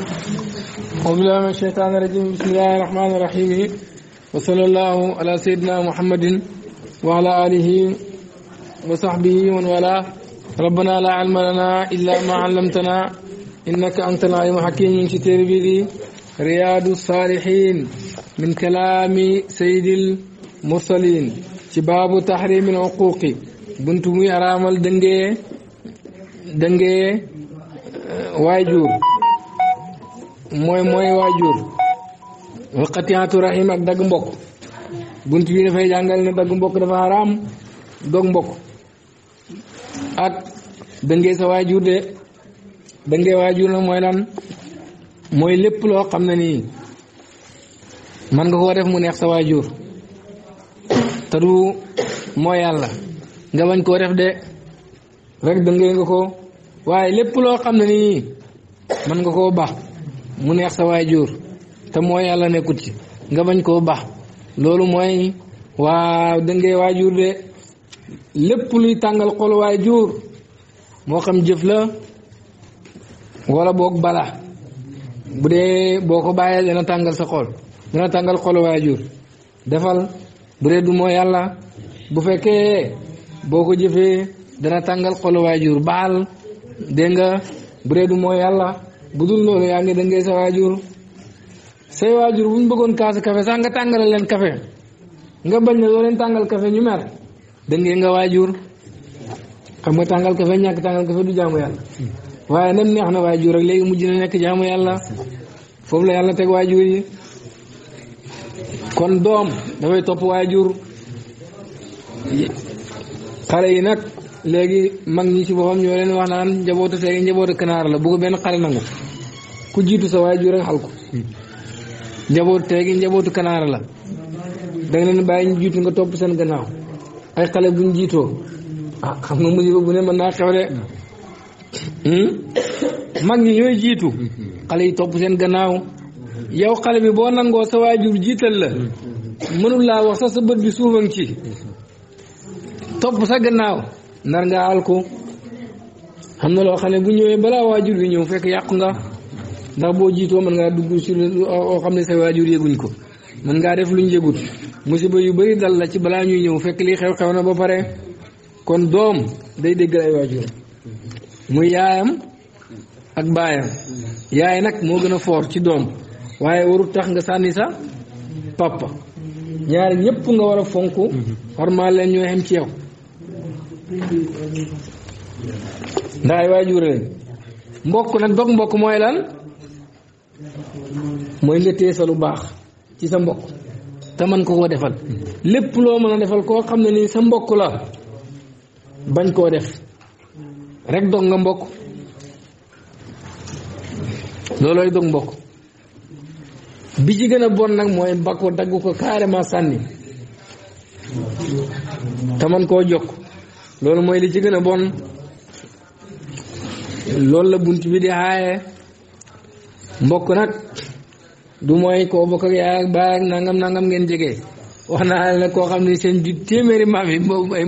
أعوذ بالله من الشيطان الرجيم بسم الله الرحمن الرحيم وصلى الله على سيدنا محمد وعلى آله وصحبه ومن والاه ربنا لا علم لنا إلا ما علمتنا إنك أنت العليم الحكيم من كتاب بيدي رياض الصالحين من كلام سيد المرسلين باب تحريم العقوق بنت مي أرامل دنجي دنجي وايجور mooy mooy waajur waqatiyaatu rahim ak dagg mbokk bunt a dafay jàngal ne dagg mbokk dafa xaraam dog mbokk ak dëngee sa waajur de dëngee waajur nag mooy lan mooy lépp loo xam ne nii man nga koo def mu neex sa waajur te du moo yàlla nga bañ koo def de rek dëngee nga ko waaye lépp loo xam ne nii man nga koo baax mu neex sa waajur te moo yàlla nekkut ci nga bañ koo baax loolu mooy waaw dëngee waajur de lépp luy tàngal xol waajur moo xam jëf la wala boog bala bu dee boo ko bàyyee dana tàngal sa xool dana tàngal xol waajur defal bu dee du moo yàlla bu fekkee boo ko jëfee dana tàngal xol waajur baal dégg bu dee du moo yàlla bu dul loolu yaa ngi dëngee sa waajur say waajur bu ñu bëggoon kaasu café sax nga tàngalal leen kafe nga bañ ne doo leen tàngal café ñu mer dëngee nga waajur xam nga tàngal café ñàkk tàngal café du jaamu yàlla waaye nan neex na waajur rek léegi mujj na nekk jaamu yàlla foofu la yàlla teg waajur yi kon doom dafay topp waajur xale yi nag léegi mag ñi ci boppam ñoo leen wax naan njabootu seeg njabootu kanaar la bu ko benn xale nangu ku jiitu sa jur ak xal ko njabootu seeg njabootu kanaar la danga leen bàyyi ñu jiitu nga topp seen gannaaw ay xale buñ jiitoo ah, xam nga musiba bu ne hmm? mag ñi ñooy jiitu xale yi topp seen gannaaw yow xale bi boo nangoo sa waajur jiital la mënul laa wax sax sa bët bi suufa ci topp sa gannaaw nar nga alko xam na loo xam ne bu ñëwee balaa waajur wi ñëw fekk yàqu nga ndax boo jiitoo mën ngaa dugg si oo xam ne sa waajur yëguñ ko mën ngaa def luñ yëgut musiba yu bari dal la ci balaa ñuy ñëw fekk lii xew xew na ba pare kon doom day déggal ay waajur muy yaayam ak baayam yaay nag moo gën a foor ci doom waaye warul tax nga sànni sa papa ñaari ñëpp nga war a fonk xormaa mm-hmm. leen ñoo xem ci yow ndax ay waajur lañ mbokk nag dog mbokk mooy lan mooy nga téye sa lu baax ci sa mbokk te man ko koo defal lépp loo mën a defal koo xam ne nii sa mbokk la bañ koo def rek dog nga mbokk loolooy dog mbokk bi ci gën a bon nag mooy mbakk ko dagg ko carrément sànni te man koo jokk loolu mooy li ci gën bon loolu la bunt bi di aaye mbokk nag du mooy koo bokk ak yaay ak nangam nangam ngeen jege wax naa ne koo xam ne seen ju téeméeri maam yi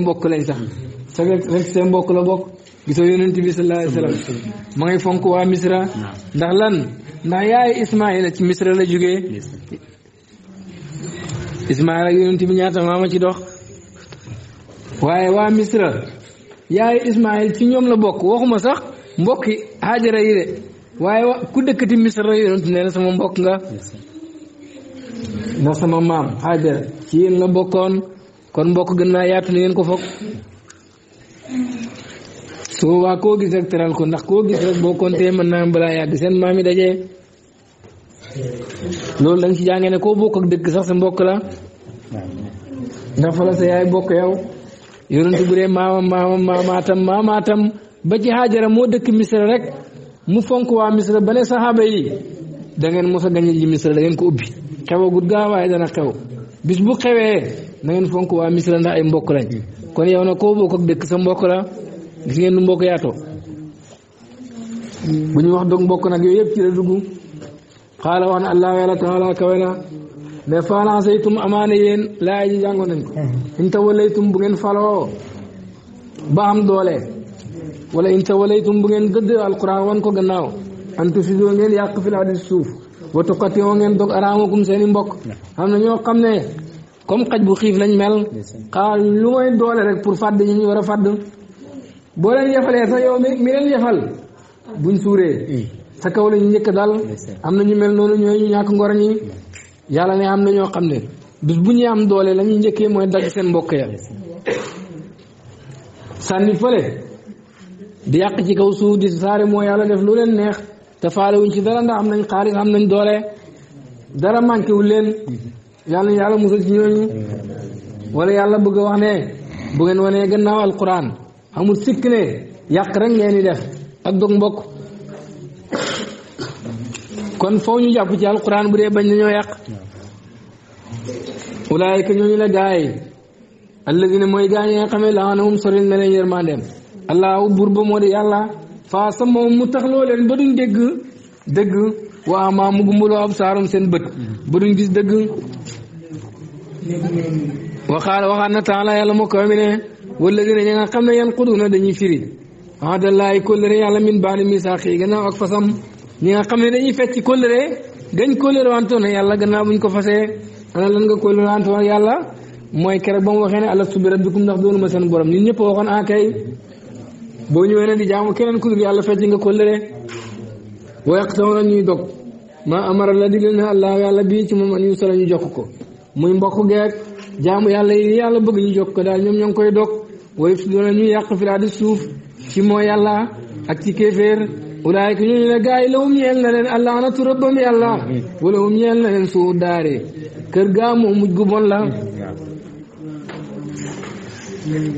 mbokk lañ sax sa seen mbokk la mbokk gisoo yonent bi sallallahu alayhi wa sallam ma ngay fonk misra ndax lan ndax yaay ismaila ci misra la jógee ismaila ak yonent bi ñaata maama ci dox waaye waa misra yaay Ismaayil ci ñoom la bokk waxuma sax mbokki Haajara yi de waaye wa ku dëkkati misra yonent nee na sama mbokk nga ndax sama maam Haajara ci yéen la bokkoon kon mbokk gën naa yaatu ni ngeen ko foog su boobaa koo gis rek teral ko ndax koo gis rek mën naa balaa yàgg seen maam yi loolu da ci jàngee ne koo bokk ak sax mbokk la ndax sa yaay bokk yow yonent bu dee maamam maamam maamaatam maamaatam ba ci Haajara moo dëkk Misra rek mu fonk waa Misra ba ne saxaaba yi da ngeen mos a gañe da ngeen ko ubbi xewagut gaa waaye dana xew bis bu xewee na fonk waa Misra ndax ay mbokk lañ kon yow na koo bokk ak dëkk sa mbokk la gis ngeen du mbokk yaatoo bu ñu wax dog mbokk nag yooyu yëpp ci la dugg xaala wax na allah yàlla taala kawe na mais faalansaytum amaana yéen laay ji jàngoon nañ ko mm-hmm. in tawalaytum bu ngeen faloo ba am doole wala in tum bu ngeen gëdd alquran wan ko gannaaw an tusidoo ngeen yàq fil ardi suuf wa tuqati'u ngeen dog araamakum seen i mbokk am na ñoo xam ne comme xaj bu xiif lañ mel xaar lu mooy doole rek pour fàdd ñu ñu war a fàdd boo leen yefalee sax yow mi mi leen buñ suuree mm. sa kaw ñu njëkk dal am na ñu mel noonu ñooy ñu ñàkk ngor yàlla ne am na ñoo xam ne bis bu ñuy am doole la njëkkee mooy dagg seen mbokk ya sànni fële di yàq ci kaw suuf di saare moo yàlla def lu leen neex te wuñ ci dara ndax am nañ xaalis am nañ doole dara manqué wu leen yàlla yàlla musal ci ñooñu wala yàlla bëgg a wax ne bu ngeen wanee gannaaw alquran amul sikk ne yàq rek ngeen di def ak dog mbokk kon foo ñu jàpp ci alquran bu dee bañ nañoo yàq ulaayika ñooñu la gaay alladina mooy gaay yi xam ne allahu buur moo di yàlla faa sama mu tax loo leen ba duñ dégg dëgg waa maa mu gumbuloo ab saarum seen bët ba duñ gis dëgg waxaal waxaat na taala yàlla moo kaw mi ne walladina ña nga xam ne yan xuduna dañuy firi adallaayi kóllëre yàlla min baali misaaq yi gannaaw ak fasam ñi nga xam ne dañuy fecc ci kóllëre gañ kóllëre wantoon yàlla gannaaw buñ ko fasee ana lan nga kóllëre wantoon yàlla mooy keroog ba mu waxee ne alastu bi rabbikum ndax doonuma seen borom ñun ñëpp waxoon ah kay boo ñëwee ne di jaamu keneen ku dul yàlla fecc nga kóllëre wa yaqta'uuna ñuy dog maa amara la di na allah yàlla bii ci moom an sola ñu jokk ko muy mbokk geeg jaamu yàlla yi yàlla bëgg ñu jokk ko daal ñoom ñoo ngi koy dog wa yufsiduuna ñuy yàq fi suuf ci moo yàlla ak ci ulaay ka ñooñu leen allaanatu rëbbam yàlla ñeel na leen suu daare kër gaa moom mujj gu bon la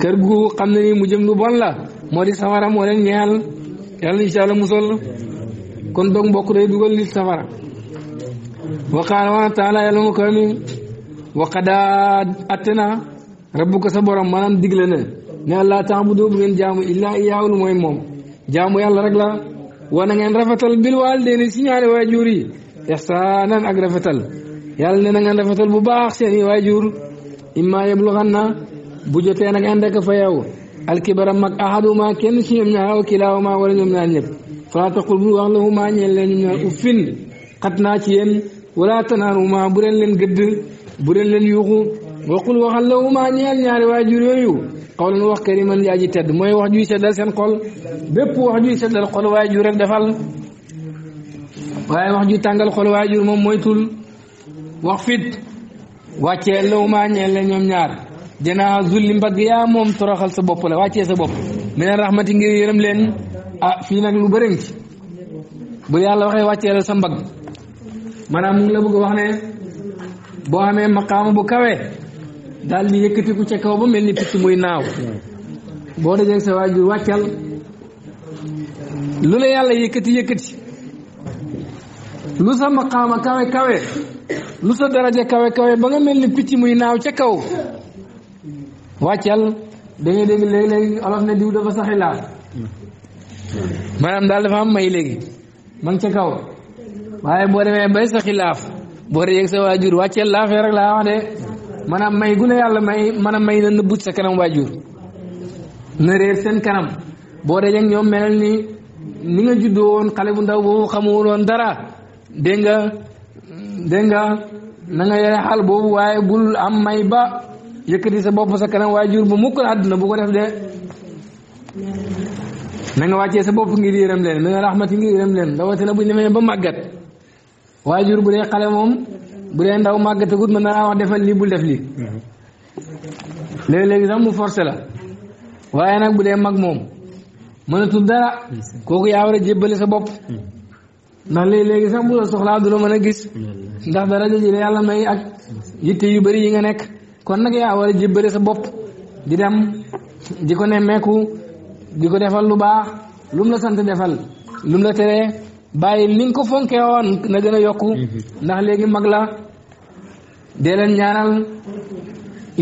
kër gu xam ne nii mujjëm gu bon la moo di safara moo leen ñeel yàlla incha allah kon dog mbokk day dugal nit safara waqaala wa taala yàlla mu ko mi waqadaa attena rabbuka sa borom maanaam digle na ne allah taabudu bu jaamu illaa iyyaahu mooy moom jaamu yàlla rek la war na ngeen rafetal bil waalidayni si ñaari waajur yi ixsaanan ak rafetal yàlla ne na ngeen rafetal bu baax seen i waajur imma yablughanna bu jotee nag indaka fa yow alkibara mag ahaduma kenn si ñoom ñaar aw kilaahuma wala ñoom ñaar ñëpp fala taqul bul wax lahuma ñeel leen ñoom ñaar uffin xat naa ci yéen wala tanaanuma bu leen leen gëdd bu leen leen yuuxu waxul waxal la uma ñeel ñaari waajur yooyu xawlan wax kariman yaa ji tedd mooy wax juy seddal seen xol bépp wax juy seddal xol waajur rek defal waaye wax ju tàngal xol waajur moom moytul wax fit wàccee la uma ñeel la ñoom ñaar janaa zulli mbagg yaa moom toroxal sa bopp la wàccee sa bopp mine rahmati ngir yërëm leen ah fii nag lu bëriñ ci bu yàlla waxee wàccee la sa mbagg maanaam mu ngi la bëgg wax ne boo amee maqaama bu kawe daal di ku ca kaw ba mel ni picc muy naaw boo dajee sa waajur wàccal lu la yàlla yëkkati yëkkati lu sa maqaama kawe kawe lu sa daraja kawe kawe ba nga mel ni picc muy naaw ca kaw wàccal da ngay dégg léegi-léegi olof ne diw dafa saxi laa maanaam daal dafa am may léegi ma ngi ca kaw waaye boo demee bay sa xilaaf boo dee yëg sa waajur wàcceel laafee rek laa wax de maanaam may gu yàlla may mën a may na nëbbut sa kanam waajur na réer seen kanam boo dee ak ñoom mel ni ni nga juddoo woon xale bu ndaw boobu xamuwul woon dara dégg nga dégg nga na nga yore xal boobu waaye bul am may ba yëkkati sa bopp sa kanam waajur bu mukk na àdduna bu ko def de na nga wàccee sa bopp ngir yërëm leen mi nga rahmati ngir yërëm leen rawatina bu ñu demee ba màggat waajur bu dee xale moom bu dee ndaw màggatagut mën na laa wax defal lii bu def lii léegi-léegi sax mu forcé la waaye nag bu dee mag moom mënatul dara kooku yaa a jébbale sa bopp ndax léegi-léegi sax soxlaa mën a gis ndax dara jëlee yàlla ak yitte yu bëri yi nga nekk kon nag yaa war a jébbale sa bopp di dem di ko nemmeeku di ko defal lu baax lu la sant defal lu la teree bàyyi li ko fonkee woon na gën a yokku mhm. ndax léegi mag la dee leen ñaaral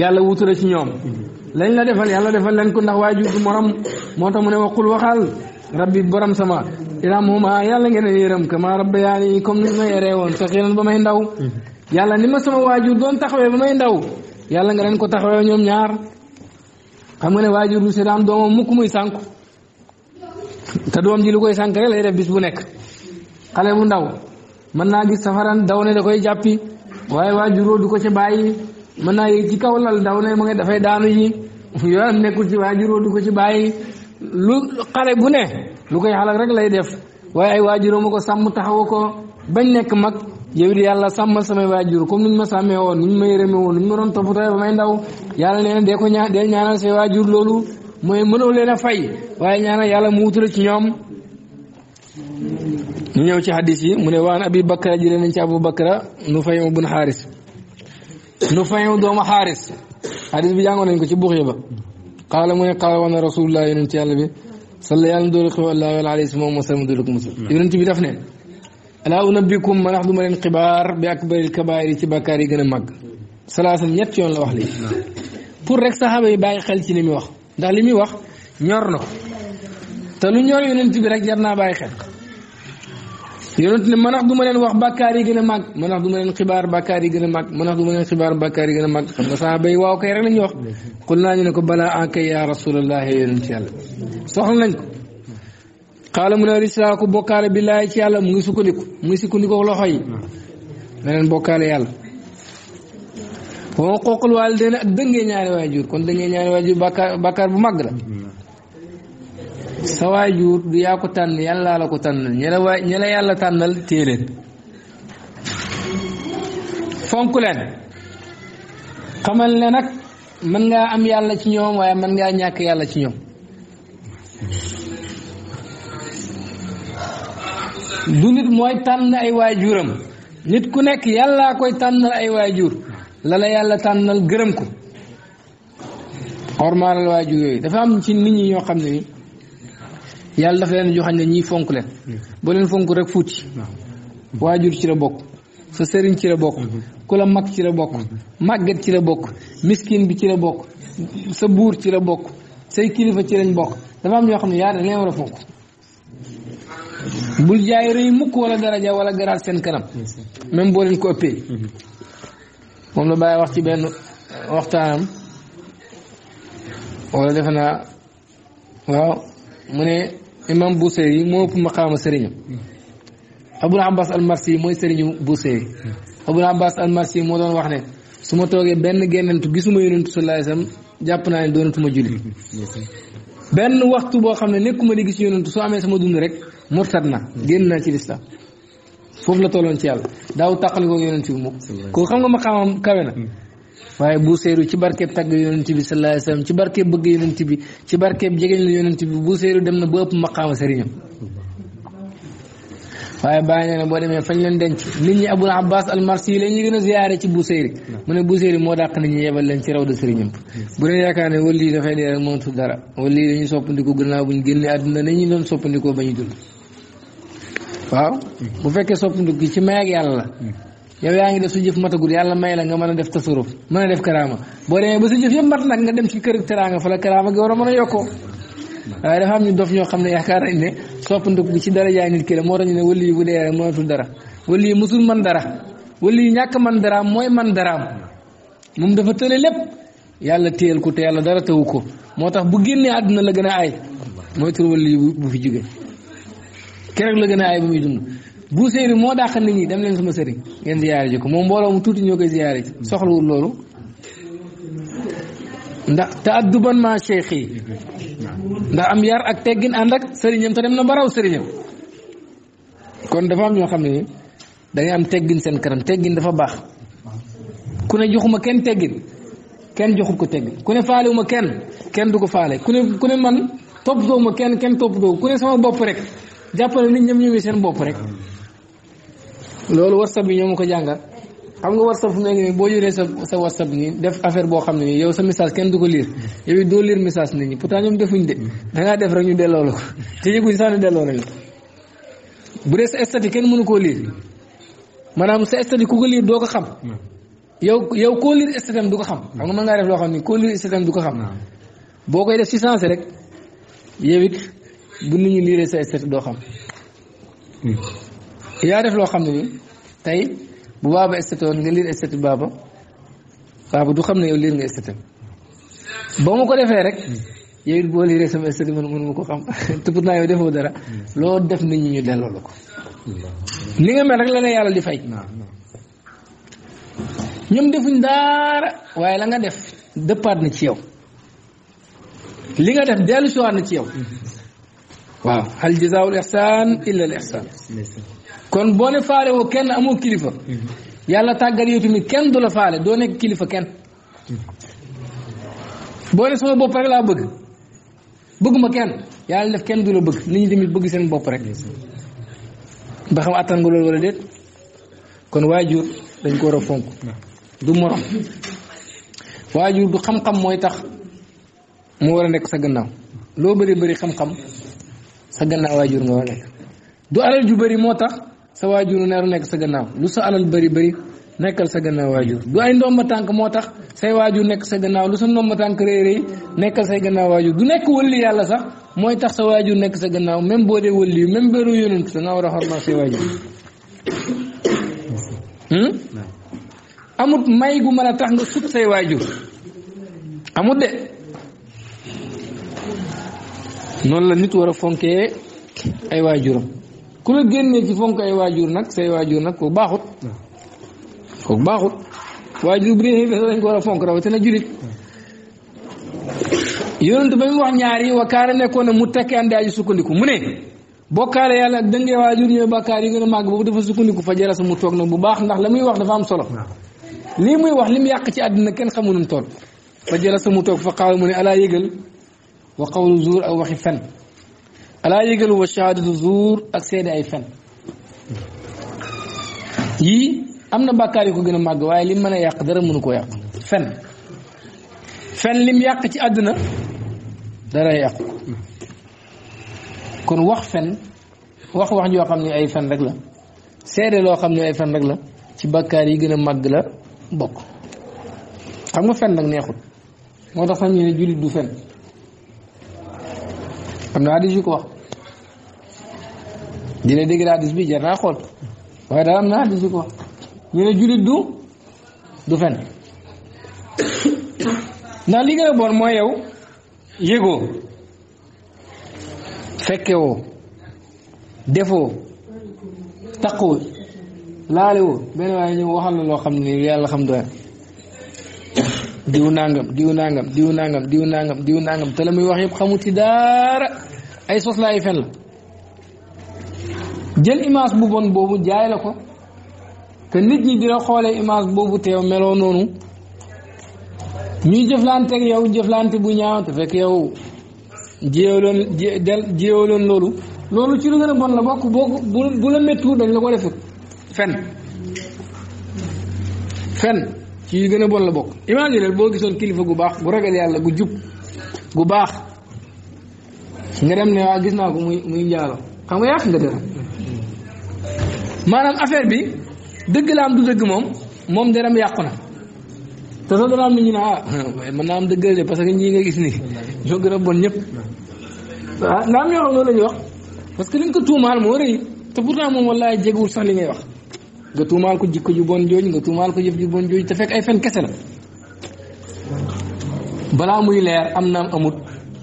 yàlla wutale ci ñoom mhm. lañ la defal yàlla defal leen ko ndax waajur du morom moo tax mu ne waxul rab rabbi borom sama irhamhumaa yàlla ngeen a yërëm kama rabbayaani comme ni ma yaree woon saxiiran ba may ndaw mhm. yàlla ni ma sama waajur doon taxawee ba may ndaw yàlla nga leen ko taxawee ñoom ñaar xam nga ne waajur du seetaan doomam mukk muy sànku te doom ji lu koy sànk rek lay def bu nekk xale mu ndaw mën naa gis safaran daw ne da koy jàppi waaye waajuróo du ko ca bàyyi mën naa yëg ci kaw lal daw ne ma nga dafay daanu ji yoonam nekkul ci waajuróo du ko ci bàyyi lu xale bu ne lu koy xalak rek lay def waaye ay waajuróo ma ko sàmm taxawu ko bañ nekk mag yow di yàlla sam samay waajur comme niñ ma sàmmee woon niñ ma yërëmee woon niñ ma doon toppatoo ba may ndaw yàlla nee na dee ko ñaa waajur loolu mooy mënoo leen a fay waaye ñaanal yàlla mu wutal ci ñoom ñu ñëw ci xadis yi mu ne waan abi bakra jëlee nañ ci abu bakra nu fayu bun xaaris nu fayu doomu xaaris xadis bi jàngoon nañ ko ci buxi ba qaala mu ne qaala wana rasulullah yonent yàlla bi salla yàlla doolu xew allah wala alayhi moom wasalama doolu ko musal yonent bi daf ne alaa unabbikum ma ndax du ma leen xibaar bi akbaril kabaayir yi ci bàkkaar yi gën a màgg salaasan ñett yoon la wax lii pour rek saxaaba yi bàyyi xel ci li muy wax ndax li muy wax ñor na ko te lu ñor yonent bi rek jar naa bàyyi xel yonent ne manax du ma leen wax bàkkaar yi gën a màgg manax du ma leen xibaar bàkkaar yi gën a màgg manax du ma leen xibaar bàkkaar yi gën a màgg xam nga saaba yi waaw kay rek lañuy wax xul naa ñu ne ko balaa ankay yaa rasulallah yonent yàlla soxla nañ ko xaala mu ne rislaa ko bokkaale billaahi ci yàlla mu ngi sukkandiku mu ngi loxo yi na leen bokkaale yàlla boo xooqul waal dana ak dëngee ñaari waajur kon dëngee ñaari waajur bàkkaar bu màgg la sa waajur du yaa ko tànn yàllaa la ko tànnal ña la waay ña la yàlla tànnal téye leen fonk leen xamal ne nag mën ngaa am yàlla ci ñoom waaye mën ngaa ñàkk yàlla ci ñoom du nit mooy tànn ay waajuram nit ku nekk yàllaa koy tànnal ay waajur lala yàlla tànn tànnal gërëm ko xormaalal waajur yooyu dafa am ci nit ñi ñoo xam ne ni yàlla dafa leen joxañ ne ñii fonk leen mm-hmm. boo leen fonk rek fuuti waajur ci la bokk sa sëriñ ci la bokk mm-hmm. ku la mag ci la bokk mm-hmm. màgget ci la bokk miskin bi ci la bokk sa buur ci la bokk say kilifa ci lañ bokk dafa am ñoo xam ne yaa dañ leen war a fonk bul jaay rëy mukk wala daraja wala garaat seen kanam même boo leen ko ëppee moom la bàyyi wax ci benn waxtaanam wala defe naa waaw mu ne imam Buseyri moo ëpp maqaama sëriñam Abul Abbas al-Marsi mooy sëriñu Buseyri Abul Abbas al-Marsi moo doon wax ne su ma toogee benn génnantu gisuma yonentu sallallahu alayhi wasallam jàpp naa ne doonatuma julli benn waxtu boo xam ne nekkuma di gis yonentu soo amee sama dund rek murtad na génn naa ci lislaam foofu la tolloon ci yàlla daaw tàqalikoo yonent bi mukk koo xam nga maqaamam kawe na waaye buuseeru ci barkeeb tagg yonent bi sallallahu alayhi ci barkeeb bëgg yonent bi ci barkeeb jegeñ la yonent bi buuseeru dem na ba ëpp maqaama sëriñam waaye bàyyi nee na boo demee fañ leen denc nit ñi abul abbas almarsi la ñu gën a ziyaare ci buuseeri mu ne buuseeri moo dàq nit ñi yebal leen ci raw da sëriñam bu leen yaakaar ne wali yi dafay dee rek moom tuut dara wali yi dañuy soppandikoo gannaaw bu ñu génnee àdduna nañu doon soppandikoo ba ñu dund waaw mm. bu fekkee ci may ak yow yaa ngi def su jëf matagul yàlla may la nga mën a def tasaruf mën a def karaama boo demee ba sa jëf yëpp mat nag nga dem ci kër teraanga fa la karaama gi war a mën a yokkoo waaye dafa am ñu dof ñoo xam ne yaakaar nañ ne soppanduk bi ci dara jaay nit ki la moo tax ne wali yi bu dara wali yi musul man dara wali ñàkk man daraam mooy man daraam moom dafa tële lépp yàlla téyel ko te yàlla dara tawu ko moo tax bu génnee àdduna la gën a aay mooy tur wali yi bu fi jóge keroog la gën a ay bu muy dund Buuseyri moo dàq nit ñi dem leen sama sëriñ ngeen ziyaare ji ko moom mbooloo mu tuuti ñoo koy ziyaare ji soxlawul loolu ndax te adduban ma cheikh yi ndax am yar ak teggin ànd ak sëriñam te dem na baraw sëriñam kon dafa am ñoo xam ne da ngay am teggin seen kanam teggin dafa baax ku ne joxuma kenn teggin kenn joxu ko teggin ku ne faalewuma kenn kenn du ko faale ku ne ku ne man toppatoo ma kenn kenn toppatoo ku ne sama bopp rek jàppale nit ñoom ñ seen bopp rek loolu whatsapp bi ñoo ma ko jàngal xam nga whatsapp fu mu nekk nii boo yoree sa sa whatsapp nii def affaire boo xam ne nii yow sa message kenn du ko lire yow it doo lire message nit ñi pourtant ñoom defuñ de da ngaa def rek ñu delloo la ko te yëguñ delloo nañ bu dee sa statut kenn mënu koo lire maanaam sa statut ku ko liir doo ko xam yow yow koo lire statut du ko xam xam nga mën ngaa def loo xam ni koo lire statut du ko xam boo koy def si sensé rek yow it bu nit ñi lire sa statut doo xam. yaa def loo xam ne ni tey bu baaba estate woon nga liir estate baaba baaba du xam ne yow liir nga estate ba mu ko defee rek yow it boo liiree sama estate man mënu ko xam te naa yow defoo dara loo def nit ñi ñu delloo la ko li nga mel rek la ne yàlla di fay ñoom defuñ daara waaye la nga def dëppaat na ci yow li nga def dellu siwaat na ci yow waaw hal jazaa'ul ihsaan illa al ihsaan kon boo ne faale woo kenn amoo kilifa yàlla tàggat yow tamit kenn du la faale doo nekk kilifa kenn boo ne sama bopp rek laa bëgg bëgguma kenn yàlla def kenn du la bëgg nit ñi tamit bëgg seen bopp rek ba xam attan nga loolu wala déet kon waajur dañ ko war a fonk du morom waajur du xam-xam mooy tax mu war a nekk sa gannaaw loo bari bëri xam-xam sa gannaaw waajur nga war a nekk du alal ju bëri moo tax sa waajur neeru nekk sa gannaaw lu sa alal bëri bari nekkal sa gannaaw waajur du ay ndomba tànk moo tax say waajur nekk sa gannaaw lu sa ndomba tànk rëy rëy nekkal say gannaaw waajur du nekk wëlli yàlla sax mooy tax sa waajur nekk sa gannaaw même boo dee wëlli yu même bëru yonent sa nga war a xormaa say waajur hmm? amut may gu man a tax nga sut say waajur amut de noonu la nit war a fonkee ay waajuram ku la génnee ci fonk ay waajur nag say waajur nag kooku baaxut kooku baaxut waajur bu dee dañ ko war a fonk rawatina julit yonent ba mu wax ñaar yi wakaara nekkoon ne mu tekki andi aji sukkandiku mu ne bokkaale yàlla ak dëngee waajur ñooy bàkkaar yi gën a màgg boobu dafa sukkandiku fa jarasa mu toog nag bu baax ndax la muy wax dafa am solo lii muy wax li mu yàq ci àddina kenn xamunum tool fa sa mu toog fa xaaw mu ne alaa yëgal wa qawlu zuur ak waxi fen alaa yëgal wa shahadatu zuur ak seede ay fen yii am na bàkkaar yu ko gën a màgg waaye lim mën a yàq dara mënu ko yàq fen fen lim yàq ci àdduna dara yàqu kon wax fen wax wax joo xam ne ay fen rek la seede loo xam ne ay fen rek la ci bàkkaar yi gën a màgg la bokk xam nga fen nag neexut moo tax xam ñu ne jullit du fen am na hadis yu ko wax di la dégg hadis bi jar naa xool waaye daal am na hadis yu ko wax ñu ne jullit du du fen ndax li nga a bon mooy yow yëgoo fekkewoo defoo taqoo laalewoo benn waaye ñëw waxal na loo xam ne yàlla xam doy diw nangam diw nangam diw nangam diw nangam diw nangam te la muy wax yëpp xamu ci daara ay sos la fen la jël image bu bon boobu jaay la ko te nit ñi di la xoolee image boobu teew meloo noonu ñuy jëflante ak yow jëflante bu ñaaw te fekk yow jéewaloon jéewaloon loolu loolu ci lu gën a bon la bokk boo bu la méttu dañ la ko defut fen fen ci gën a bon la bokk imagineel boo gisoon kilifa gu baax gu ragal yàlla gu jub gu baax nga dem ne waa ah, gis naa ko muy muy njaalo xam nga yàq nga dara maanaam affaire bi dëgg la am du dëgg moom moom deram yàqu na te sax dana am nit ñi ne ah mën naa am dëggal de parce que ñii nga gis nii ñoo gën a bon ñëpp ah naa am ñoo xam loolu la ñuy wax parce que liñ ko tuumaal moo rëy te pourtant moom wallaay jegewul sax li ngay wax nga tuumaal ko jikko ju bon jooj nga tuumaal ko jëf ju bon jooj te fekk ay fen kese la balaa muy leer am naam amut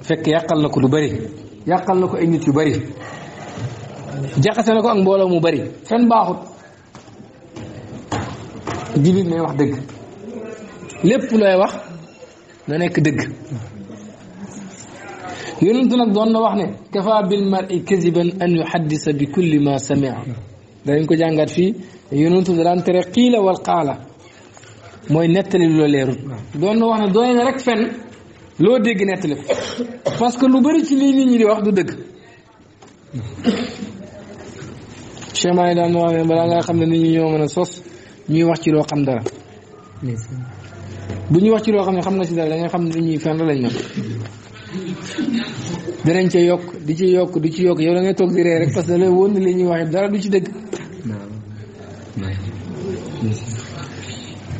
fekk yàqal na ko lu bari yàqal na ko ay nit yu bari jaxase na ko ak mbooloo mu bari fen baaxut jullit nay wax dëgg lépp looy wax na nekk dëgg yonentu nag doon na wax ne kafa bil mar'i kaziban an yuhaddisa bi kulli ma samia danañ ko jàngaat fii te yonentu da daan tere xiila wal xaala mooy nettali lu la leerul doon na wax ne doy na rek fen loo dégg nettali ko que lu bari ci lii nit ñi di wax du dëgg chemin yi daan wax ne balaa ngaa xam ne nit ñi ñoo mën a sos ñuy wax ci loo xam dara bu ñuy wax ci loo xam ne xam na si dara da nga xam ne nit ñi fen lañ na danañ yokk di ci yokk di ci yokk yow da ngay di ree rek parce que da lay wóor ne li dara du ci dëgg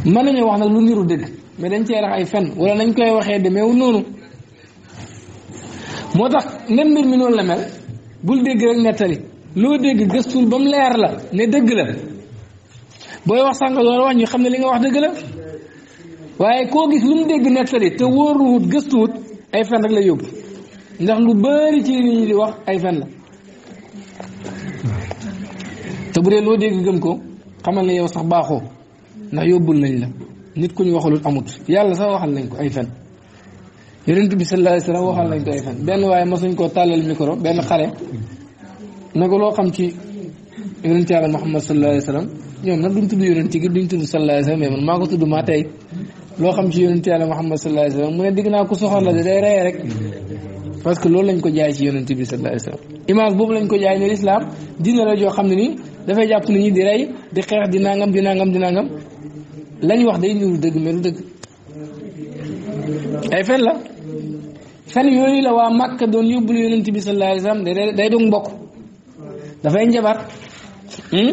mën nañu wax nag lu niru dëgg mais dañ cee rax ay fen wala nañ koy waxee demeewul noonu moo tax nem mbir mi noonu la mel bul dégg rek nettali loo dégg gëstul ba mu leer la ne dëgg la booy wax sànga loolu wax ñu xam ne li nga wax dëgg la waaye koo gis lu mu dégg nettali te wóoruwut gëstuwut ay fen rek la yóbbu ndax lu bari ci li ñu di wax ay fen la te bu dee loo dégg gëm ko xamal ne yow sax baaxoo ndax yóbbul nañ la nit ku ñu waxalut amut yàlla sax waxal nañ ko ay fen yonent bi sallallahu alayhi wasallam waxal nañ ko ay fen benn waaye masuñ koo tàllal mikoro benn xare na ko loo xam ci yonent yàlla Muhammad sallallahu alayhi wasallam ñoom nag duñ tudd yonent gi duñ tudd sallallahu alayhi wasallam mais man maa ko tudd maa tey loo xam ci yonent yàlla Muhammad sallallahu alayhi wasallam mu ne digg naa ko soxal la de day rey rek parce loolu lañ ko jaay ci yonent bi sallallahu alayhi wasallam image boobu lañ ko jaay ne l'islam dina la xam ne nii dafay jàpp nit ñi di rey di xeex di nangam di nangam di nangam lañ wax day niru dëgg mais du dëgg ay fen la fen yooyu la waa Màkka doon yóbbul yonent bi sallallahu alayhi wa sallam day day dog mbokk dafay njabar hmm?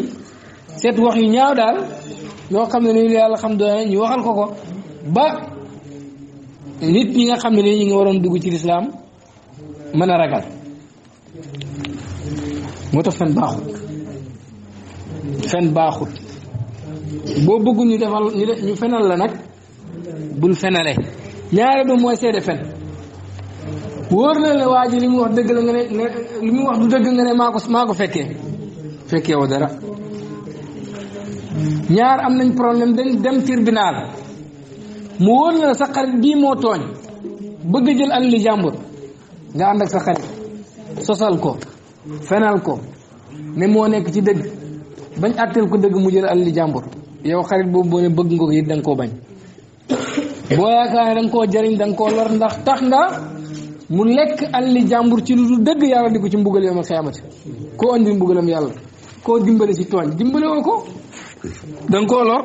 seet wax yu ñaaw daal yoo xam ne ni yàlla xam doone ñu waxal ko ko ba nit ñi nga xam ne ni ñi nga waroon dugg ci lislaam mën a ragal moo tax fen baaxul fen baaxut boo bëgg ñu defal ñu fenal la nag bul fenale ñaare du mooy seede fen na la waa ji li mu wax dëgg la nga ne li mu wax du dëgg nga ne maa ko maa ko fekkee fekkee woo dara ñaar am nañ problème dañ dem tribunal mu wóor na la sa xarit bii moo tooñ bëgg jël alali jàmbur nga ànd ak sa xarit sosal ko fenal ko ne moo nekk ci dëgg bañ àtteel ko dëgg mu jël alali jàmbur yow xarit boobu boo bëgg nga ko it da koo bañ boo yaakaar ne da koo jariñ da koo lor ndax tax nga mu lekk alali jàmbur ci lu dul dëgg yàlla di ko ci mbugal yawmal xiyaamati koo andi mbugalam yàlla koo dimbali si tooñ dimbale ko da nga koo lor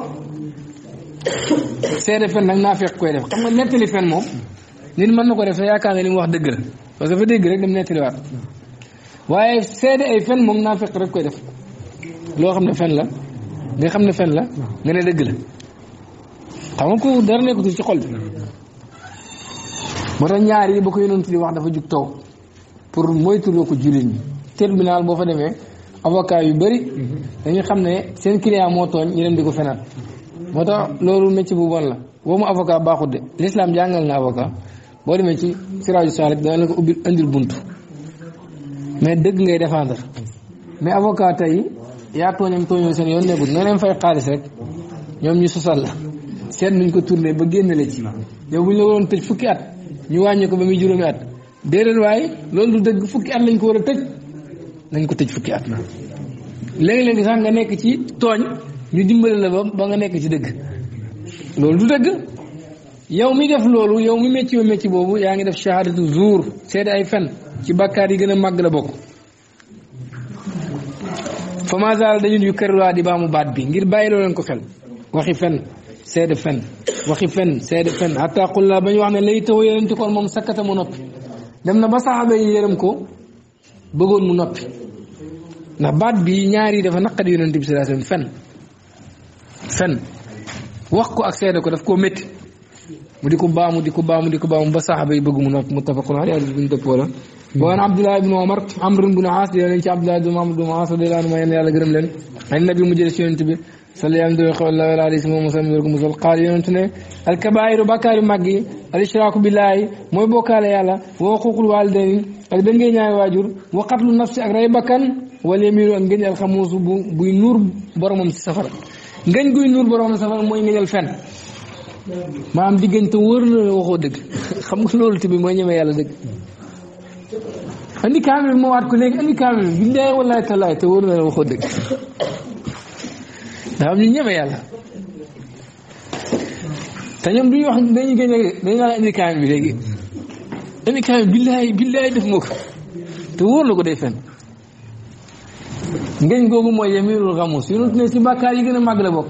seede fen nag naa fekk koy def xam nga nettali fen moom nit mën na ko def sa yaakaar nga ni mu wax dëgg la parce que fa dégg rek dem nettaliwaat waaye seede ay fen moom naa fekk rek koy def loo xam ne fen la nga xam ne fen la nga ne dëgg la xam nga ko dara nekkutul ci xol bi moo tax ñaar yi ba ko yonent di wax dafa jug taw pour moytuloo ko jullit ñi tribunal boo fa demee avocat yu bëri dañu xam ne seen client moo tooñ ñu dem di ko fenal moo tax loolu métier bu bon la woo mu avocat baaxut de lislaam jàngal na avocat boo demee ci siraaju salik dana la ko ubbil indil bunt mais dëgg ngay défendre mais avocat tey yaa tooñam tooñoo seen yoon nekkul nga leen fay xaalis rek ñoom ñu sosal la seet nuñ ko tourné ba génn la ci yow bu ñu la waroon tëj fukki at ñu wàññi ko ba muy juróomi at déedéet waaye loolu du dëgg fukki at lañ ko war a tëj nañ ko tëj fukki at la léegi sax nga nekk ci tooñ ñu dimbale la ba ba nga nekk ci dëgg loolu du dëgg yow mi def loolu yow mi métti wu métti boobu yaa ngi def shahadatu jour seede ay fen ci bàkkaar yi gën a màgg la bokk Famaazal dañu yu kër laa di mu baat bi ngir bàyyi loo leen ko xel waxi fen seede fen waxi fen seede fen hatta qullaa ba ñu wax ne lay taw yonenti kon moom sakkata mu noppi dem na ba saxaaba yi yërëm ko bëggoon mu noppi ndax baat bi ñaari yi dafa naqadi yonent bi sallallahu alayhi wasallam fen fen wax ko ak seede ko daf koo métti mu di ko baamu di ko baamu di ko baamu ba saxaaba yi bëgg mu noppi muttafaqun alayhi buñ dëppoo la وعن عبد الله بن عمر عمرو بن عاص يعني انت عبد الله بن عمر بن عاص رضي الله عنه يعني على قرم لين النبي مجلس ينتبه صلى الله عليه وسلم الله على اسمه محمد رقم صلى قال ينتني الكبائر بكار مغي الاشراك بالله مو بوكال يالا وحقوق الوالدين البنجي نيا واجور وقتل النفس اغري بكن واليمير ان غني الخموس بو نور بروم السفر غن غوي نور بروم السفر موي غنيل فن ما ام ديغنت وور واخو دغ خمغ لول تبي مو نيما يالا دغ andi kaamil bi ma waat ko léegi andi kaamil bi billaay wallaay talaay te wóor na la waxoo dëgg daa ñu ñeme yàlla te ñoom duñu wax dañu gën a dañu naan andi kaamil bi léegi andi kaamil bi billaay def nga ko te wóor la ko day fen ngeen googu mooy yemirul xamus yonent ne si bàkkaar yi gën a màgg la bokk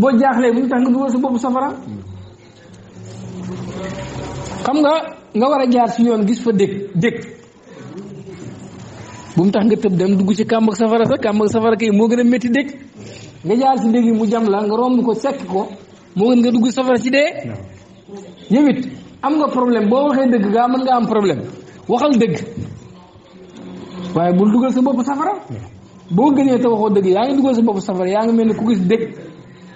boo jaaxlee bu ñu tax nga dugal sa bopp safara xam nga nga war a jaar si yoon gis fa dëkk dëkk bu mu tax nga tëb dem dugg ci kàmb ak safara safara kay moo gën a métti dëkk nga jaar si mu jam la ko sekk ko moo gën nga dugg safara si dee yow am nga problème boo waxee dëgg gaa mën nga am problème waxal dëgg waaye bul dugal sa bopp safara boo gënee te dëgg yaa ngi dugal sa bopp safara yaa ngi mel ni ku gis dëgg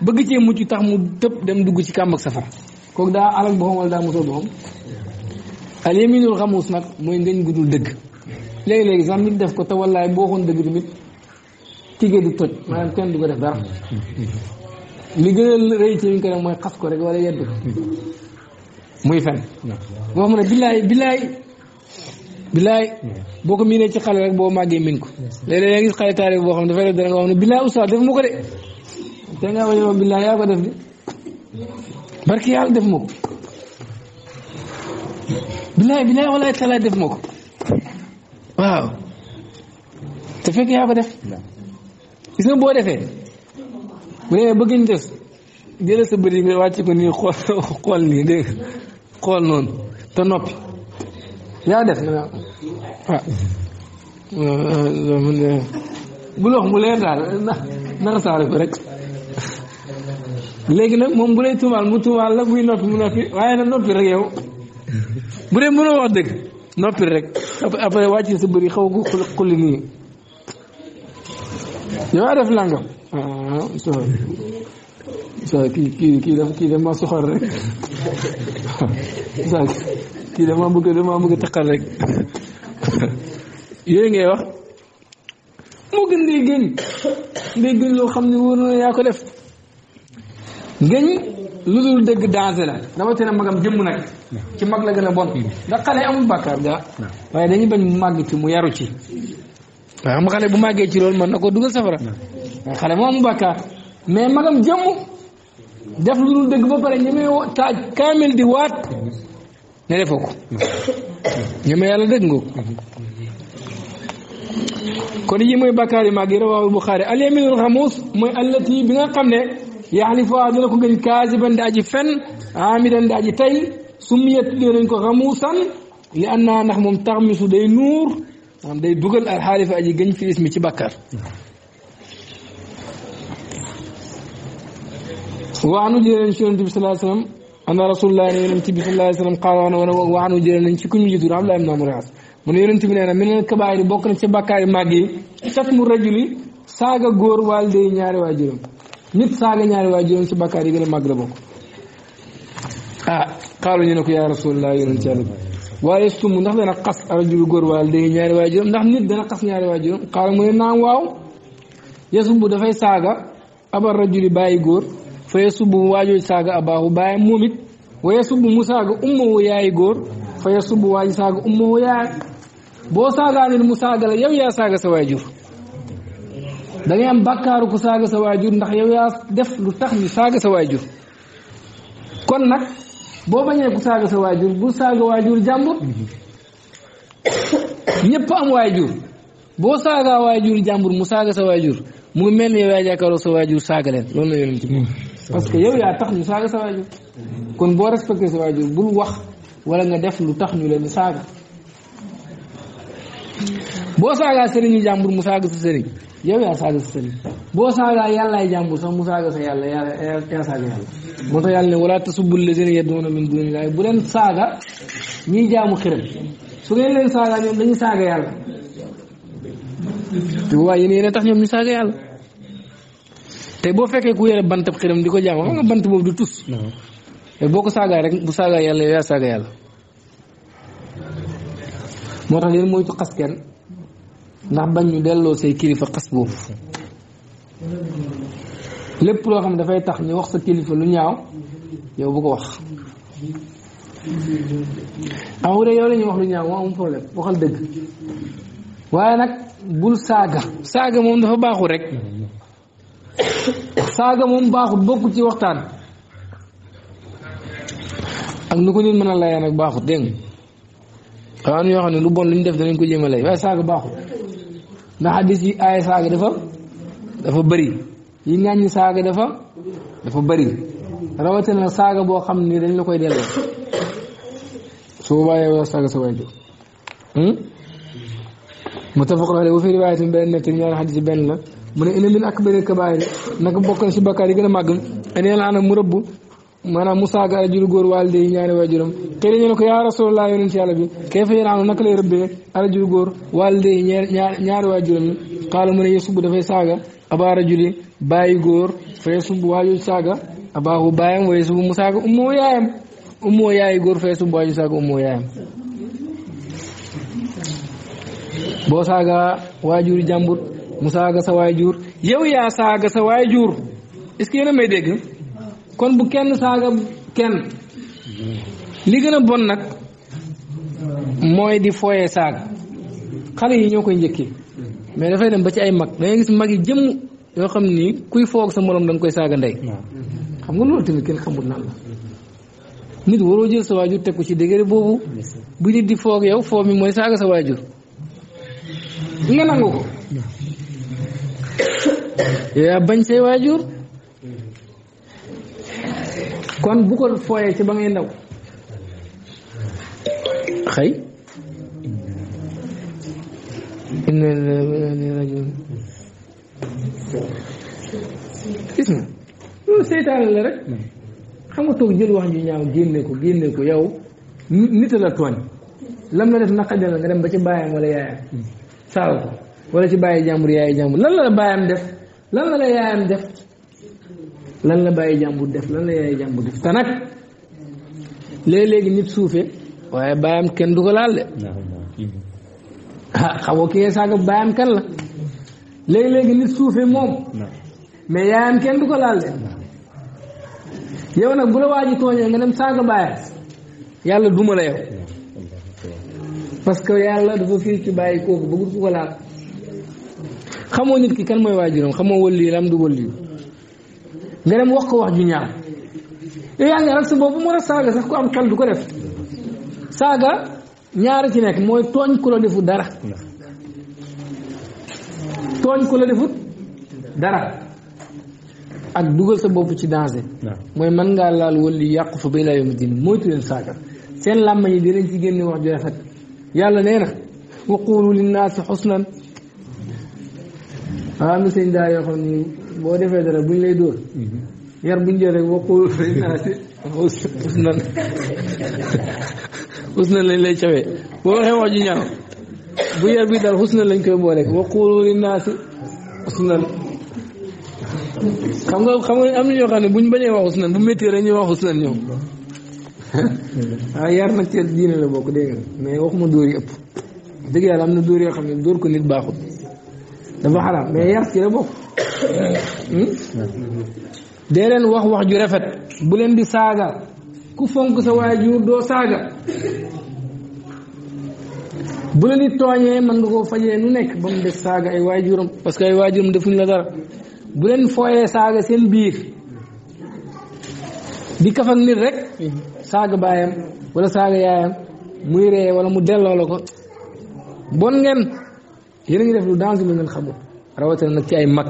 bëgg cee mucc tax mu tëb dem dugg ci kàmb safara kooku daa alal boppam wala daa mosoo boppam al yaminul xamuus nag mooy ngëñ gudul dëgg léegi-léegi sax nit def ko te wallaay boo waxoon dëgg tamit tigge di toj maanaam du ko def dara li gën a rëy ci ñu ko mooy xas ko rek wala yedd ko muy fen boo xam ne billaay billaay billaay boo ko miinee ci xale rek boo màggee min ko léeg-léeg yaa gis xale taarif boo xam ne dafay def dara nga wax ma ko de te yaa ko def de barki yàlla def ma ko bilaay bilaay walaay talaay def ma ko waaw te fekk yaa ko def gis nga boo defee bu demee bëgg ñu des sa bëri nga wàcc ko nii xool xool noonu te ah. lox mu leer daal naxasaale ko nag moom bu lay tuumaal mu tuumaal la waaye na noppi rek yow bu dee mënoo wax dëgg noppi rek après wàcc sa bëri xaw ko xulli nii ah, kii kii kii daf dama soxor rek so dama bëgg dama bëgg taqal rek yooyu ngay wax moo gën day gën day gën loo xam ne wóor na yaa ko def ngëñ lu lu dëgg danger la rawatina magam jëmm nag ci mag la gën a bon hmm. ndax xale amul bàkkaar daa waaye dañu bañ màgg ci mu yaru ci waaye am nga xale bu màggee ci loolu mën na ko dugal safara xale moo amul bàkkaar mais magam jëmm def lu dul dëgg ba pare ñemee taaj kaamil di waat ne defoo hmm. yàlla dëgg nga kon yi mooy bàkkaar yi bi nga xam ne yaxlifu dina ko ngëñ kaasiban daa ji fen amidan daa tay summiyat tuddee nañ ko xamuusan li an ndax moom taxmisu day nuur day dugal al xaalifa aji gëñ fi ismi ci bàkkaar waxnu jëlee nañ ci yonent bi sallallahu alayhi wa sallam ana rasulullah ne yonent bi sallallahu alayhi wa sallam qaala wana wana waxnu jëlee nañ ci ku ñu jiitu Abdullah mu ne yonent bi nee na bokk na ci bàkkaar yi màgg yi mu rajuli saaga góor waal day ñaari waajuram nit saaga ñaari waajuram ci bakkaar yi gën a màgg la bokk ah xaalu ñu ne ko yaa rasulallah waaye sumu ndax dana xas arajulu góor waal ñaari waajuram ndax nit dana xas ñaari waajuram xaalu mu ne naam waaw yasumbu dafay saaga abar rajuli bàyyi góor fa yasubbu waajooju saaga abaahu bàyyam moom it wa yasubbu mu saaga ummahu yaayi góor fa yasubbu waaji saaga ummahu yaay boo saagaanil mu saaga la yow yaa saaga sa waajur dangay ngay am bàkkaaru ku saaga sa waajur ndax yow yaa def lu tax ñu saaga sa waajur kon nag boo bañee ku saaga sa waajur bu saaga waajur jàmbur ñëpp am waajur boo saagaa waajur jàmbur mu saaga sa waajur mu ngi mel ni yow sa waajur saaga leen loolu la yonent bi parce que yow tax ñu saaga sa kon boo respecté sa waajur bul wax wala nga def lu tax ñu leen saaga boo saagaa sëriñu jàmbur mu saaga sa sëriñ yow yaa saaga sa sëriñ boo saagaa yàllaay jàmbur sax mu saaga sa yàlla yaa saaga yàlla moo tax yàlla ne bu leen saaga ñiy jaamu xiram su ngeen leen saaga yàlla waaye yéen tax ñoom ñu te boo fekkee ku yore bantab xiram di ko jaam bant boobu du tus te boo ko saagaa rek bu saagaa yàlla yow yaa xas kenn ndax bañ ñu delloo say kilifa xas boobu lépp loo xam ne dafay tax ñu wax sa kilifa lu ñaaw yow bu ko wax amul yow lañuy wax lu ñaaw moo amul problème waxal dëgg waaye nag bul saaga saaga moom dafa baaxul rek saaga moom baaxul bokkul ci waxtaan ak nu ko nit mën a layee nag baaxul dégg nga waaw am yoo xam ne lu bon lu ñu def danañ ko jéem a lay waaye saaga baaxul ndax xadis yi aay saaga dafa dafa bari yi ñàññ saaga dafa dafa bëri rawatina saaga boo xam ni dañ la koy delloo su boobaa yow saaga sa waajur hmm? muttafaqun alayhi wa fi riwaayatin benn nekk ñaari xadis yi benn la mu ne inna min akbari kabaayir naka bokk na si bakkaar yi gën a màgg an yal'ana mu rëbb maanaam mu saaga ajuru góor waalide yi ñaari waajuram xëy ñu ne ko yaa rasulallah yonent yàlla bi kay fa yéen naka lay rëbbee ajuru góor waalide yi ñaari waajuram yi xaala mu ne yesub dafay saaga abaa rajuli bàyyi góor fa yesub waaju saaga abaahu baayam wa yesub mu saaga ummoo yaayam ummoo yaayi góor fa yesub waaju saaga ummoo yaayam boo saaga waajur jàmbur mu saaga sa waajur yow yaa saaga sa waajur est-ce que yéen a may dégg kon bu kenn saaga kenn li gën a bon nag mooy di fooyee saaga xale yi ñoo koy njëkkee mais dafay dem ba ci ay mag da gis mag yi jëmm yoo xam ni kuy foog sa moroom da koy saaga ndey xam nga loolu tamit kenn xamul nan la nit waroo jël sa waajur teg ko ci degré boobu bu nit di foog yow foo mi mooy saaga sa waajur nga nangu ko yaa bañ say waajur kon bu ko fooyee ci ba ngay ndaw xëy gis na loolu seytaane la rek xam nga toog jël wax ju ñaaw génne ko génne ko yow nit la tooñ lan ma def naqadal la nga dem ba ci baayam wala yaayam hmm. saaga ko wala ci bàyyi jàmbur yaayi jàmbur lan la la baayam def lan la la yaayam def lan la bàyyi jàmbur def lan la yaay jàmbur def te nag léeg-léegi nit suufe waaye bàyyam kenn du ko laal de ah xamoo ki ngay saaga bàyyam kan la léegi nit suufe moom mais yaayam kenn du ko laal nag bu la waa ji tooñee nga dem saaga bàyyam yàlla la yow parce que yàlla dafa fiir ci bàyyi kooku bëggul nit ki kan mooy waajuram xamoo wëlli lam du wëlli nga dem wax ko wax ju ñaaw yow eh, yaa ngi aral sa boobu mën a saaga sax ku am xel du ko def saaga ñaara ci nekk mooy tooñ ku la defut dara tooñ ku la defut dara ak dugal sa bopp ci danger mooy man ngaa laal wali yàqu fa bay laa yoma din moytu leen saaga seen làmma yi dinañ ci génne wax ju rafet yàlla nee na wa qulu linnaasi xusnan waa am na seen daa yoo xam ni boo defee dara buñ lay dóor mhm. yar buñ jël rek waxul naasi us us nan us nan lañ lay cawee boo waxee wax ju ñaaw bu yar bi dal us na lañ koy boole waxul naasi us nan xam nga xam nga am na ñoo xam ne buñ bañee wax us nan bu métti rek ñuy wax us nan ñoom ah yar nag ci diine la bokk dégg nga mais waxuma dóor yi ëpp dëgg yàlla am na duur yoo xam ne dóor ko nit baaxul dafa xaraam mais yar ci la bokk dee leen wax wax ju rafet bu leen di saaga ku fonk sa waajur doo saaga bu la di tooñee mën nga koo fajee nu nekk ba mu des saaga ay waajuram parce que ay waajuram defuñ la dara bu leen fooyee saaga seen biir di kaf ak nit rek saaga baayam wala saaga yaayam muy ree wala mu delloo la ko bon ngeen yéen a def lu dangereux lu ngeen xamul rawatina nag ci ay mag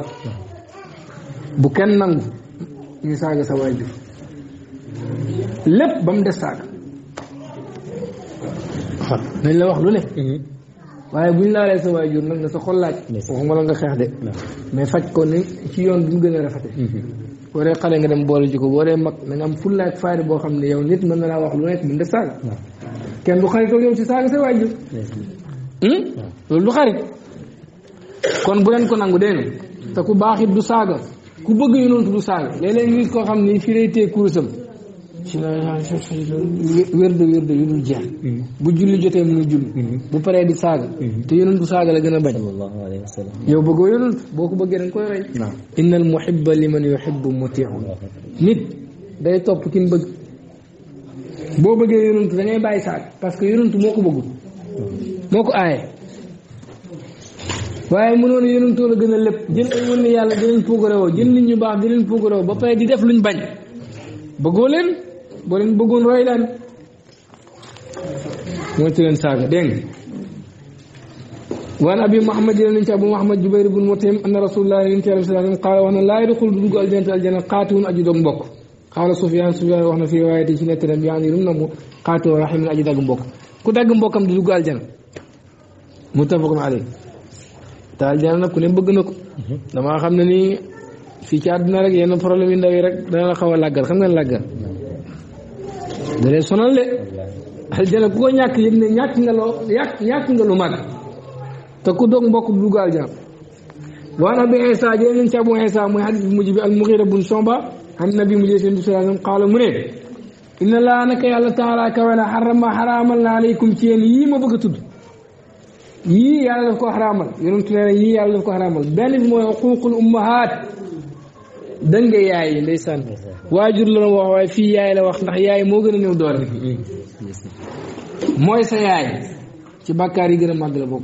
bu kenn nangu ñu saaga sa waajur lépp ba mu des saaga nañ la wax lu ne mhm. waaye bu ñu laalee sa waajur nag nga sa xol laaj waxuma la nga xeex de mais faj ko ni ci yoon bi mu gën a rafete mhm. boo dee xale nga dem boole ji ko boo dee mag na nga am fulla ak faayda boo xam ne yow nit mën na laa wax lu nekk mën de saaga kenn du xarit ak yow ci saaga sa waajur hmm? loolu du xarit kon bu leen ko nangu dégg nga te ku baax it du saaga ku bëgg yonent du saaga léeg-léeg nit koo xam ni fii lay téye kursam ci la wérde yu dul jeex bu julli jotee muy julli mm-hmm. bu paree di saaga mm-hmm. te yonent du saaga la gën a bañ yow bëggoo yonent boo ko bëggee da nga koy rey inna al muhibba liman yuhibbu mutiun day topp ki mu bëgg boo bëggee yonent da ngay bàyyi saaga parce que yonent moo ko bëggul mm-hmm. moo ko aaye waaye mënoon yonent la gën a lépp jël ay yàlla di leen puugarewoo jël nit ñu baax di leen ba pare di def luñ bañ bëggoo leen boo leen bëggoon roy leen moo ci leen saaga dégg nga waan abi muhammad jëlee nañ ci abu muhammad jubayr bun mutim anna rasulullah yonent yàlla sallam qaala wax na laa yadxul du dugg aljana aljana xaatiwun aju doog mbokk xaala sufyaan wax na fii waaye di ci nettalam yaa ngi rum namu xaatiwun raximun aju dagg mbokk ku dagg mbokkam du dugg aljana muttafaqun alayhi ta aljana na ku ne bëgg na ko mhm. damaa xam na ni fii ci àdduna rek yenn problème yu ndaw rek dana la xaw a làggal xam nga làggal da lay sonal de aljana ku ko ñàkk yëg ne nga loo yàq ku doog mbokk du dugg aljana waan abi Iisaa jëlee nañ ci abu Iisaa mooy xadis bi mujj bi bun Somba an nabi mu jëlee seen bisalaam qaala mu ne inna laa naka yàlla taala kawe na xarama xaraamal na aleykum ci ma bëgg a tudd yii yàlla daf ko xaraamal yonentu nee yii yàlla daf ko xaraamal benn bi mooy xuquuqul ummahaat dëng nga yaay yi ndeysaan waajur la wax waaye fii yaay la wax ndax yaay moo gën a néew doole mooy sa yaay ci bàkkaar yi gën a màgg la bokk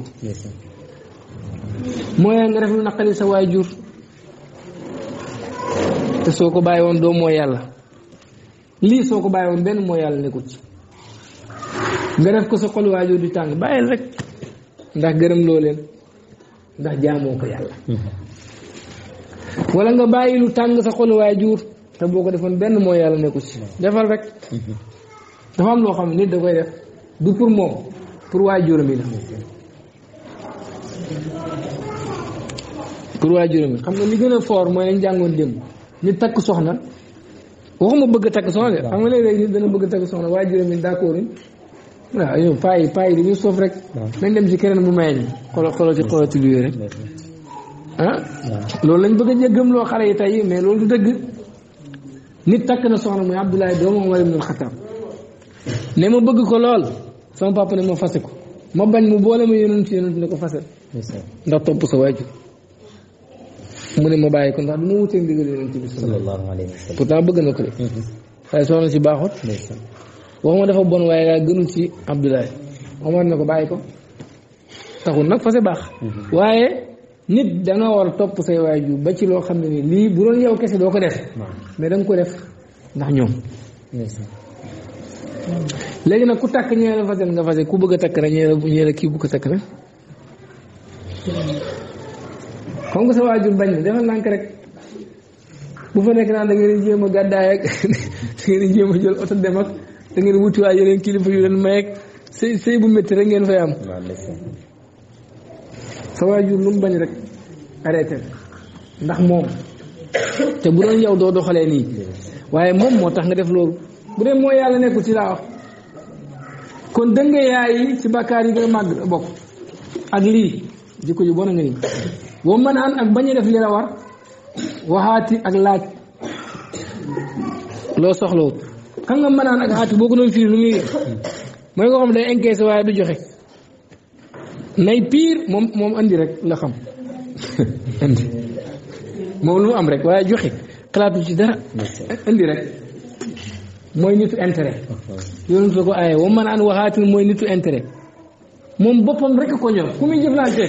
mooy nga def te soo ko bàyyi woon doo yàlla lii soo ko bàyyi woon benn mooy yàlla nekkul ci nga def ko sa xol waajur di tàng bàyyil rek ndax gërëm loo leen ndax jaamoo ko yàlla wala nga bàyyi lu tàng sa xol waajur te boo ko defoon benn moo yàlla nekku ci defal rek dafa am loo xam ne nit da koy def du pour moom pour waajuram yi la pour waajuram yi xam nga li gën a fort mooy lañ jàngoon démb nit takk soxna waxuma bëgg takk soxna de xam nga léeg-léeg dana bëgg takk soxna waajuram yi d'accord waaw yow paa yi paa yi dañuy soof rek nah. nañ dem ci keneen mu may ñu xolo xolo ci xolo ci luy rek ah nah. loolu lañ bëgg a gëm loo xale yi tey mais loolu du dëgg nit takk na soxna muy abdoulaye doomu omar ibn mu boole ma yonent ci yonent ne ko fase ndax topp sa waajur mu ne ma bàyyi ko mm-hmm. si baaxut waxuma dafa bon waaye daal gënul ci Abdoulaye Omar ne ko bàyyi ko taxul nag fase baax mhm. waaye nit danga war topp say waajur ba ci loo xam ne ni lii bu doon doo ko def mais ko def ñoom léegi nag ku takk ñee nga fase ku bëgg a takk rek ñee la bu ko takk rek xam nga sa waajur bañ na defal nànk rek bu fa nekk naan da ngeen di jéem gàddaay ak da di jéem a oto dem ak da ngeen wuti waa yeneen kilifa yu leen mayeeg sëy bu métti rek ngeen fay am. sa waajur lu mu bañ rek arrêté ndax moom te bu doon yow doo doxalee nii waaye moom moo tax nga def loolu bu dee moo yàlla nekkul ci laa wax kon dëng yaay ci bàkkaar yi gën a màgg bokk ak lii jikko ju bon a nii boo mën a am ak bañ a def li la war waxaati ak laaj loo soxlawut xam nga manaan ak xaati boo ko doon firi lu muy wér mooy nga xam day encaissé waaye du joxe nay piir moom moom indi rek la xam andi moom lu am rek waaye joxe xalaatu ci dara andi rek mooy nitu intérêt yoonu soo ko aaye wa man an waxaatin mooy nitu intérêt moom boppam rek ko ku muy jëflante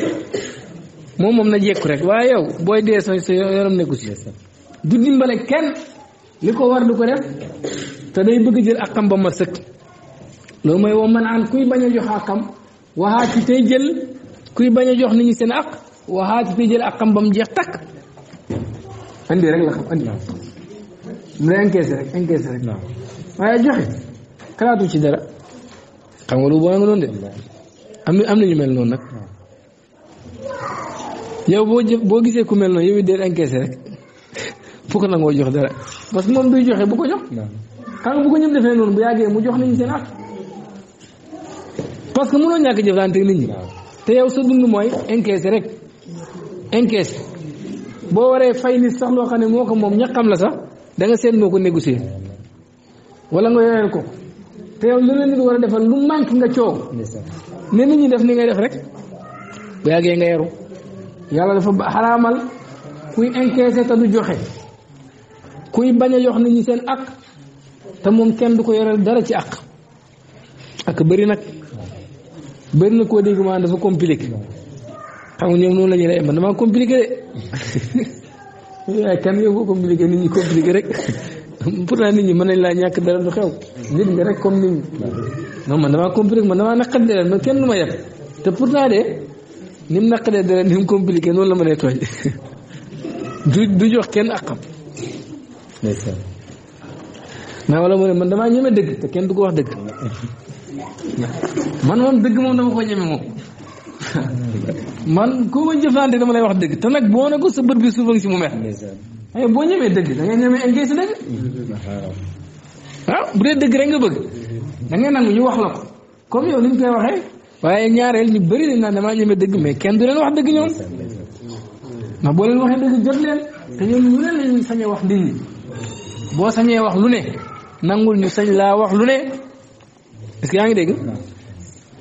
moom moom na jekku rek waaye yow booy dee sa sa yoonam nekku si du dimbale kenn li ko war du ko def te day bëgg jël akam ba sëkk loolu mooy woo man aan kuy bañ a jox akam wa ci tey jël kuy bañ a jox nit ñi seen ak waxaa ci tey jël akam ba jeex takk andi rek la xam andi mu ne ci dara xam nga lu boo nga noonu de am am nañu mel noon nag yow boo jë boo gisee ku mel noonu yow it deel encaissé rek bu ko nangoo jox dara parce que moom duy joxe bu ko jox xam nga bu ko ñëpp defee noonu bu yàggee mu jox nit ñi seen àq parce que mënoo ñàkk jëflante nit ñi te yow sa dund mooy encaisse rek encaisse boo waree fay nit sax loo xam ne moo ko moom xam la sax danga nga seet noo ko négocier wala nga yoreel ko te yow lu la nit war a defal lu manque nga coow ne nit ñi def ni ngay def rek bu yàggee nga yaru yàlla dafa xaraamal kuy encaisser te du joxe kuy bañ a jox nit seen àq te moom kenn du ko yoreel dara ci àq ak bari nag bëri na koo dégg maanaam dafa compliqué xam nga ñoom noonu la ñuy lay man damaa compliqué de waaye kan yow boo compliqué nit ñi compliqué rek pourtant nit ñi mën nañ laa ñàkk dara du xew nit ñi rek comme nit ñi non man damaa compliqué man damaa naqari dara mais kenn du ma yem te pourtant de ni mu naqaree dara ni mu compliqué noonu la ma lay tooñ du du jox kenn àqam. mais wala mu man damaa ñeme dëgg te kenn du ko wax dëgg man moom dëgg moom dama ko ñeme moom man ku ma dama lay wax dëgg te nag boo ne ko sa bët bi suufa si mu mer boo ñemee dëgg dangay ngay ñemee si dëgg ah, bu dee dëgg rek nga bëgg da ngay ñu wax la ko comme yow ni ñu koy waxee waaye ñaareel ñu bari dañ naan damaa ñeme dëgg mais kenn du leen wax dëgg ñoom ndax boo leen waxee dëgg jot leen te ñoom ñu ne la ñuy sañee wax nit boo sañee wax lu ne nangul ñu sañ laa wax lu ne est yaa ngi dégg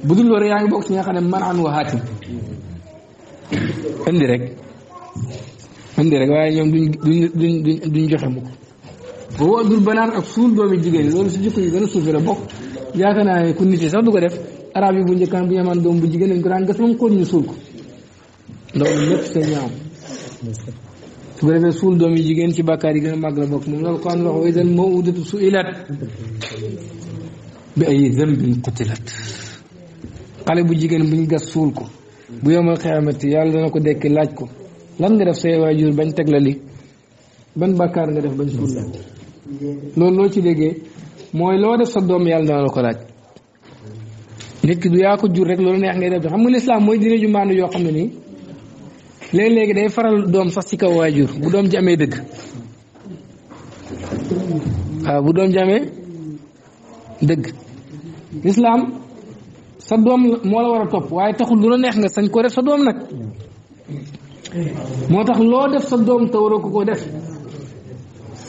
bu dul loolu yaa ngi bokk ci nga xam ne man an waxaati indi rek indi rek waaye ñoom duñ duñ duñ ñu joxe mukk ba woo dul banaan ak suul doomi jigéen loolu si jikko yi gën a suufi la bokk yaakaar naa ne ku nit sax du ko def arab yi bu njëkkaan bu ñu amaan doom bu jigéen lañ ko daan gas moom kóol ñu suul ko loolu lépp seen ñaaw su ko defee suul doom yi jigéen ci bàkkaar yi gën a màgg la bokk moom la alquran wax wa bu jigéen bu ñu gas suul ko bu yomal xiyaamati yàlla dana ko dekki laaj ko lan nga def say waajur bañ teg la li ban bàkkaar nga def bañ suul la loolu loo ci déggee mooy loo def sa doom yàlla dana la ko laaj nit ki du yaa ko jur rek loolu neex ngay def xam nga lislaam mooy dina ju yoo xam ne nii léegi-léegi day faral doom sax ci kaw waajur bu doom ji amee dëgg waaw bu doom ji amee dëgg lislaam sa doom moo la war a topp waaye taxul lu neex nga sañ ko def sa doom nag moo tax loo def sa doom te waroo ko ko def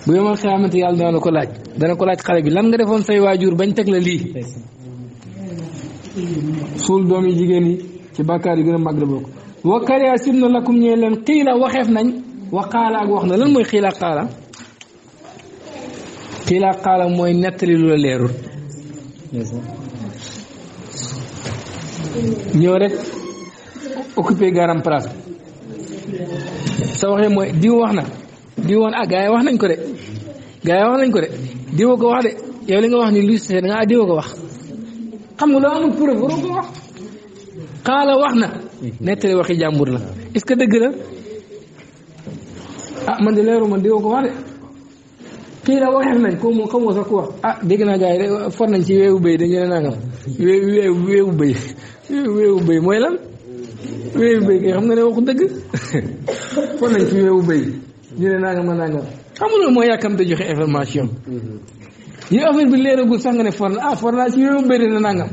bu yomal xiyaamati yàlla dana ko laaj dana ko laaj xale bi lan nga defoon say waajur bañ teg la lii suul doom yi jigéen yi ci bàkkaar yi gën a mag la wa kariha sib lakum ñee leen xiila waxeef nañ wa qaala ak wax na lan mooy xiila qaala xiila qaala mooy nettali lu la leerul ñëw rek occupé garam place sa waxee mooy diw wax na diw woon ah gars wax nañ ko de gars wax nañ ko de diwa ko wax de yow li nga wax ni lu si nga ah ko wax xam nga loo amul preuve waroo ko wax qaala wax na Mhm. nettali waxi jàmbur la est que dëgg la ah man de leeru man diwoo ko wax de xii la waxeef nañ ko moom xamoo sax ku wax ah dégg naa jaay yi de for nañ ci weewu bëy dañu ne nangam weewu weewu weewu bëy weewu mooy lan weewu bëy kay xam nga ne waxu dëgg for a nangam yàkkamte joxe information mhm. yow affaire bi leeragul sax nga ne for na ah, for naa ci weewu bëy dina nangam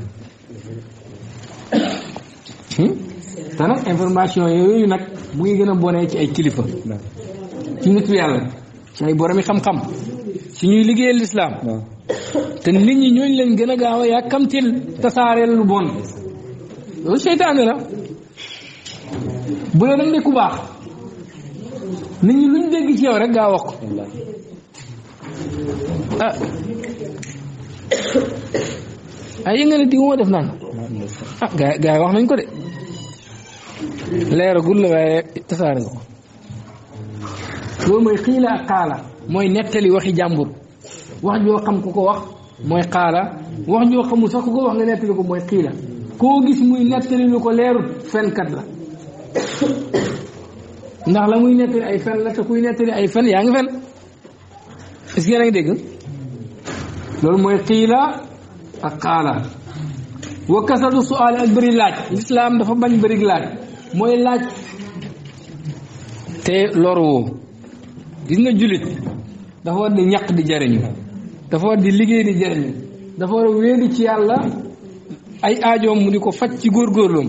mhm. hmm? te information yooyu nag mu gën a bonee ci ay kilifa ci nitu yàlla ci ay boromi xam-xam ci nit ñi ñooñu leen gën a gaaw a yàkkamtil tasaareel lu bon loolu seytaane la bu la nag ne baax nit ñi luñ dégg ci yow rek gaa wax ko ah ay yënga ne di def naan ah, gaa gaa wax nañ ko de leeragul la waaye tasaare nga ko loolu mooy xiila ak xaala mooy nettali waxi jàmbur wax joo xam ku ko wax mooy xaala wax joo xamul sax ku ko wax nga nettali ko mooy xiila koo gis muy nettali lu ko leerul fenkat la ndax la muy nettali ay fen la te kuy nettali ay fen yaa ngi fen est-ce a ngi dégg loolu mooy xiila ak xaala wa kasadu su'aal ak bëri laaj lislaam dafa bañ bëri laaj mooy laaj te loroo gis nga jullit dafa war di ñaq di jariñu dafa war di liggéey di jariñu dafa war a wéeru ci yàlla ay ajoom mu di ko faj ci góorgóorloom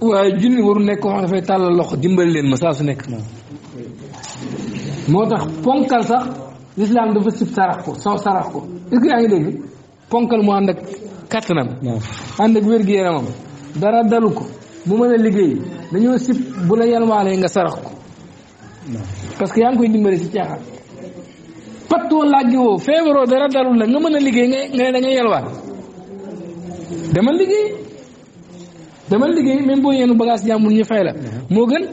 waaye jullit waru nekk ko xam dafay tàllal loxo dimbali leen ma saa su nekk moo tax ponkal sax lislaam dafa sib sarax ko soo sarax ko est-ce ngi dégg ponkal mu ànd ak kattanam ànd ak wér-gu-yaramam dara dalu ko bu mën a liggéey dañoo sib bu la yalwaanee nga sarax ko parce que yaa ngi koy dimbali si caaxaan pattoo làggiwoo feebaroo dara dalul la nga mën a liggéey nga ne da ngay yalwaan demal liggéey demal liggéey même boo yeenu bagage jàmbur ñu fay la moo gën